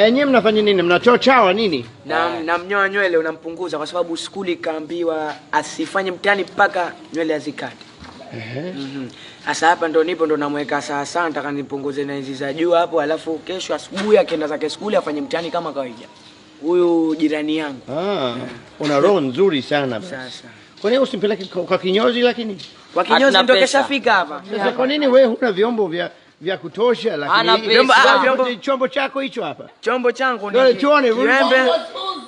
Eh, nye mnafanya nini? Mnachochawa nini? Na namnyoa nywele unampunguza, kwa sababu skuli kaambiwa asifanye mtani mpaka nywele azikate. Mhm. Sasa hapa ndo nipo ndo namweka saa saa, nataka na za juu hapo, alafu kesho asubuhi akienda zake skuli afanye mtani kama kawaida. Huyu jirani yangu. Ah, una roho nzuri sana Sasa. Kwa nini usimpeleke kwa kinyozi lakini? Kwa kinyozi ndio keshafika hapa. Sasa kwa nini we huna vyombo vya vya kutosha, lakini vyombo, ah, chombo chako hicho hapa. Chombo changu ni kiwembe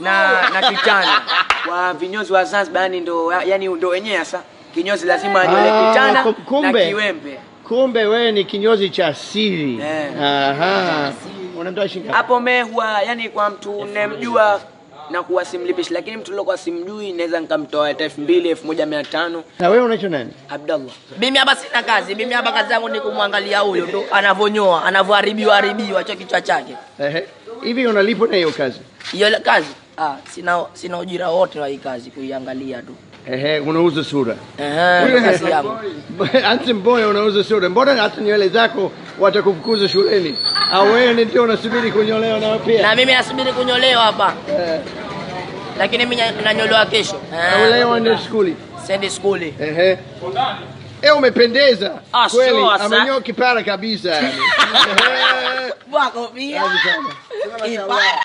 na na kitana. Kwa vinyozi wa Zanzibar yani ndo yani ndo wenyewe hasa kinyozi lazima anyole ah, kitana na kiwembe. Kumbe wewe ni kinyozi cha siri. Eh. Aha. Unamtoa shingapi? Hapo mehua yani kwa mtu nemjua na kuwa simlipishi, lakini mtu nilokuwa simjui naweza nikamtoa hata elfu mbili elfu moja mia tano Na wewe unaitwa nani? Abdallah. Mimi hapa sina kazi, mimi hapa kazi yangu ni kumwangalia huyo tu anavonyoa anavoharibiwa haribiwa cho kichwa chake. Ehe, hivi unalipo na hiyo kazi? Hiyo kazi ah, sina sina ujira wote wa hii kazi, kuiangalia tu. Ehe, unauza sura. Ehe, kazi yangu. Anti mboya unauza sura, mbona hata nywele zako watakufukuza shuleni? Au wewe ndio unasubiri kunyolewa na pia? Na mimi nasubiri kunyolewa hapa. Eh. Lakini mimi nanyolewa kesho. Eh. Au leo ndio shule? Sendi shule. Ehe. Eh, umependeza Ah, kweli, amenyoa kipara kabisa yani. Wako pia.